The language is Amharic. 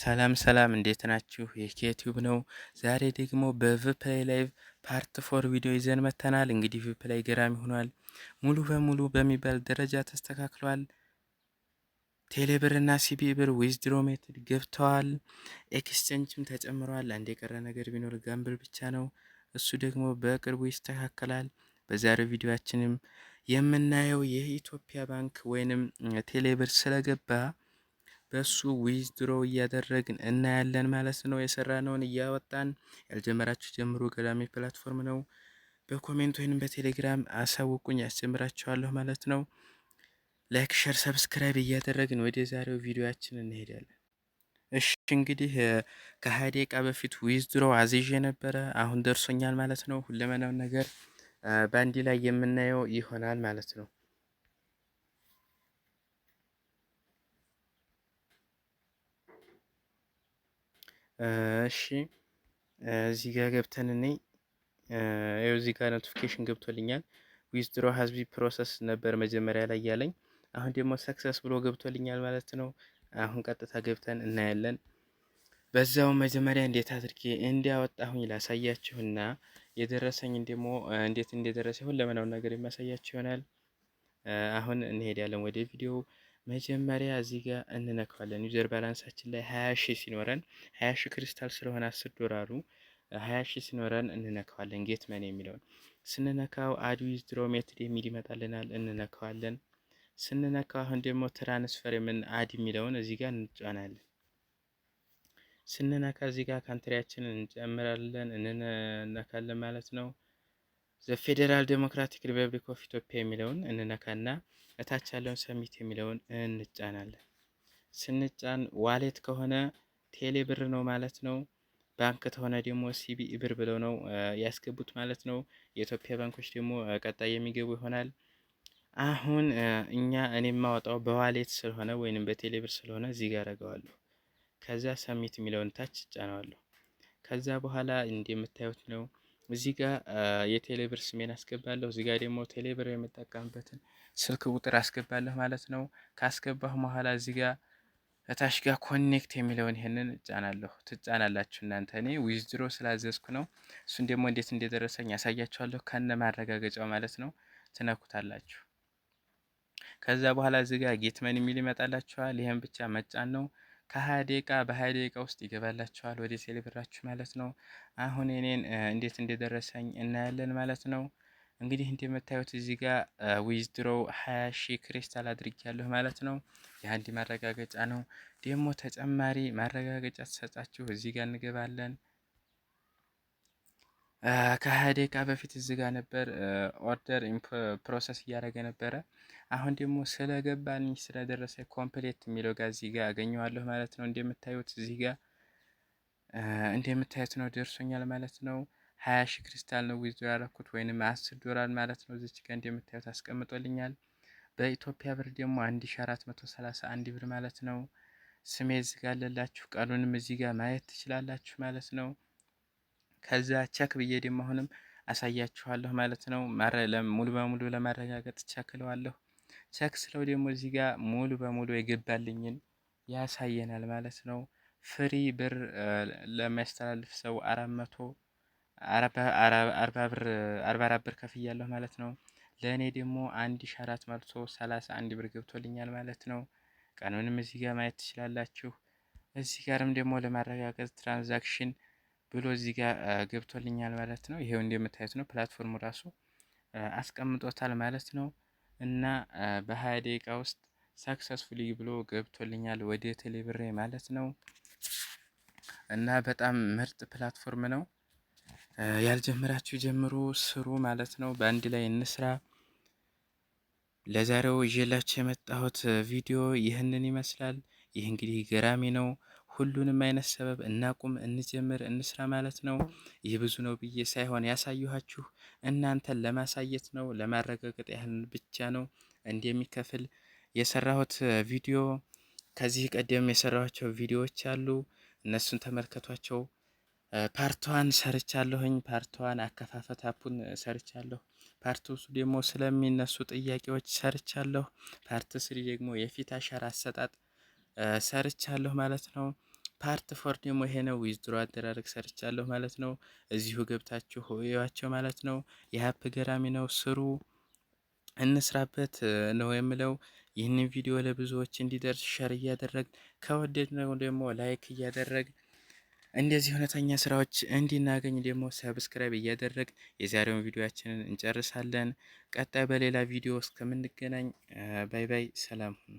ሰላም ሰላም እንዴት ናችሁ? ይህ ኬቲዩብ ነው። ዛሬ ደግሞ በቪፕላይ ላይቭ ፓርት ፎር ቪዲዮ ይዘን መተናል። እንግዲህ ቪፕላይ ገራሚ ሆኗል። ሙሉ በሙሉ በሚባል ደረጃ ተስተካክሏል። ቴሌብርና ሲቢ ብር ዊዝድሮ ሜትድ ገብተዋል። ኤክስቼንጅም ተጨምረዋል። አንድ የቀረ ነገር ቢኖር ጋምብል ብቻ ነው። እሱ ደግሞ በቅርቡ ይስተካከላል። በዛሬው ቪዲዮችንም የምናየው የኢትዮጵያ ባንክ ወይንም ቴሌብር ስለገባ በሱ ዊዝድሮ እያደረግን እናያለን ማለት ነው። የሰራነውን እያወጣን ያልጀመራችሁ ጀምሮ ገዳሚ ፕላትፎርም ነው። በኮሜንት ወይንም በቴሌግራም አሳውቁኝ፣ ያስጀምራችኋለሁ ማለት ነው። ላይክ፣ ሸር፣ ሰብስክራይብ እያደረግን ወደ ዛሬው ቪዲዮያችን እንሄዳለን። እሺ እንግዲህ ከሀያ ደቂቃ በፊት ዊዝድሮ አዝዤ ነበረ። አሁን ደርሶኛል ማለት ነው። ሁለመናውን ነገር በአንድ ላይ የምናየው ይሆናል ማለት ነው። እሺ እዚህ ጋር ገብተን እኔ ይኸው እዚህ ጋር ኖቲፊኬሽን ገብቶልኛል። ዊዝድሮ ሀዝቢ ፕሮሰስ ነበር መጀመሪያ ላይ ያለኝ። አሁን ደግሞ ሰክሰስ ብሎ ገብቶልኛል ማለት ነው። አሁን ቀጥታ ገብተን እናያለን። በዛው መጀመሪያ እንዴት አድርጌ እንዲያወጣሁኝ ላሳያችሁና የደረሰኝ ደግሞ እንዴት እንደደረሰ ሁለመናውን ነገር የሚያሳያችሁ ይሆናል። አሁን እንሄዳለን ወደ ቪዲዮ መጀመሪያ እዚህ ጋር እንነካዋለን ዩዘር ባላንሳችን ላይ ሀያ ሺ ሲኖረን ሀያ ሺ ክሪስታል ስለሆነ አስር ዶላሩ ሀያ ሺ ሲኖረን እንነካዋለን ጌት መን የሚለውን ስንነካው አድ ዊዝድሮ ሜትድ የሚል ይመጣልናል እንነካዋለን። ስንነካው አሁን ደግሞ ትራንስፈር የምን አድ የሚለውን እዚህ ጋር እንጫናለን። ስንነካ እዚህ ጋር ካንትሪያችንን እንጨምራለን እንነካለን ማለት ነው። ዘፌዴራል ዴሞክራቲክ ሪፐብሊክ ኦፍ ኢትዮጵያ የሚለውን እንነካና እታች ያለውን ሰሚት የሚለውን እንጫናለን። ስንጫን ዋሌት ከሆነ ቴሌ ብር ነው ማለት ነው። ባንክ ከሆነ ደግሞ ሲቢኢ ብር ብለው ነው ያስገቡት ማለት ነው። የኢትዮጵያ ባንኮች ደግሞ ቀጣይ የሚገቡ ይሆናል። አሁን እኛ እኔ የማወጣው በዋሌት ስለሆነ ወይም በቴሌ ብር ስለሆነ እዚህ ጋር አረገዋለሁ። ከዛ ሰሚት የሚለውን ታች እጫነዋለሁ። ከዛ በኋላ እንደምታዩት ነው እዚህ ጋር የቴሌብር ስሜን አስገባለሁ። እዚህ ጋር ደግሞ ቴሌብር የምጠቀምበትን ስልክ ቁጥር አስገባለሁ ማለት ነው። ካስገባሁ በኋላ እዚህ ጋር እታች ጋር ኮኔክት የሚለውን ይሄንን እጫናለሁ። ትጫናላችሁ እናንተ። እኔ ዊዝድሮ ስላዘዝኩ ነው። እሱን ደግሞ እንዴት እንደደረሰኝ ያሳያችኋለሁ ከነ ማረጋገጫው ማለት ነው። ትነኩታላችሁ። ከዛ በኋላ እዚህ ጋር ጌትመን የሚል ይመጣላችኋል። ይህም ብቻ መጫን ነው። ከሀያ ደቂቃ በሀያ ደቂቃ ውስጥ ይገባላችኋል ወደ ቴሌብራችሁ ማለት ነው። አሁን እኔን እንዴት እንደደረሰኝ እናያለን ማለት ነው። እንግዲህ እንደምታዩት እዚህ ጋር ዊዝድሮ ሀያ ሺ ክሪስታል አድርጌያለሁ ማለት ነው። የአንድ ማረጋገጫ ነው። ደግሞ ተጨማሪ ማረጋገጫ ተሰጣችሁ እዚህ ጋር እንገባለን። ከሃያ በፊት እዚህ ጋር ነበር ኦርደር ፕሮሰስ እያደረገ ነበረ። አሁን ደግሞ ስለገባልኝ ስለደረሰ ኮምፕሌት የሚለው ጋር እዚህ ጋር አገኘዋለሁ ማለት ነው። እንደምታዩት እዚህ ጋር እንደምታዩት ነው ደርሶኛል ማለት ነው። ሀያ ሺ ክሪስታል ነው ዊዝ ያደረኩት ወይንም አስር ዶላር ማለት ነው። እዚች ጋር እንደምታዩት አስቀምጦልኛል። በኢትዮጵያ ብር ደግሞ አንድ ሺ አራት መቶ ሰላሳ አንድ ብር ማለት ነው። ስሜ እዚህ ጋር አለላችሁ። ቀኑንም እዚህ ጋር ማየት ትችላላችሁ ማለት ነው። ከዛ ቸክ ብዬ ደግሞ አሁንም አሳያችኋለሁ ማለት ነው። ሙሉ በሙሉ ለማረጋገጥ ቸክ ለዋለሁ። ቸክ ስለው ደግሞ እዚህ ጋር ሙሉ በሙሉ የገባልኝን ያሳየናል ማለት ነው። ፍሪ ብር ለሚያስተላልፍ ሰው አራት መቶ አርባ አራት ብር ከፍያለሁ ማለት ነው። ለእኔ ደግሞ አንድ ሺ አራት መቶ ሰላሳ አንድ ብር ገብቶልኛል ማለት ነው። ቀኑንም እዚህ ጋር ማየት ትችላላችሁ። እዚህ ጋርም ደግሞ ለማረጋገጥ ትራንዛክሽን ብሎ እዚህ ጋር ገብቶልኛል ማለት ነው። ይሄው እንደምታዩት ነው ፕላትፎርሙ ራሱ አስቀምጦታል ማለት ነው። እና በሀያ ደቂቃ ውስጥ ሳክሰስፉሊ ብሎ ገብቶልኛል ወደ ቴሌብሬ ማለት ነው። እና በጣም ምርጥ ፕላትፎርም ነው። ያልጀመራችሁ ጀምሮ ስሩ ማለት ነው። በአንድ ላይ እንስራ። ለዛሬው ይዤላችሁ የመጣሁት ቪዲዮ ይህንን ይመስላል። ይህ እንግዲህ ገራሚ ነው። ሁሉንም አይነት ሰበብ እናቁም፣ እንጀምር፣ እንስራ ማለት ነው። ይህ ብዙ ነው ብዬ ሳይሆን ያሳየኋችሁ እናንተን ለማሳየት ነው፣ ለማረጋገጥ ያህልን ብቻ ነው። እንደሚከፍል የሰራሁት ቪዲዮ ከዚህ ቀደም የሰራኋቸው ቪዲዮዎች አሉ። እነሱን ተመልከቷቸው። ፓርቷን ሰርቻለሁኝ። ፓርቷን አከፋፈት አፑን ሰርቻለሁ። ፓርት ውስጥ ደግሞ ስለሚነሱ ጥያቄዎች ሰርቻለሁ። ፓርት ስሪ ደግሞ የፊት አሻራ አሰጣጥ ሰርቻለሁ ማለት ነው። ፓርት ፎር ደግሞ ይሄ ነው ዊዝድሮ አደራረግ ሰርቻለሁ ማለት ነው። እዚሁ ገብታችሁ ሆያቸው ማለት ነው። የሀፕ ገራሚ ነው ስሩ እንስራበት ነው የምለው። ይህንን ቪዲዮ ለብዙዎች እንዲደርስ ሸር እያደረግ ከወደድ ነው ደግሞ ላይክ እያደረግ እንደዚህ እውነተኛ ስራዎች እንዲናገኝ ደግሞ ሰብስክራይብ እያደረግ የዛሬውን ቪዲዮችንን እንጨርሳለን። ቀጣይ በሌላ ቪዲዮ እስከምንገናኝ ባይ ባይ፣ ሰላም ሁኑ።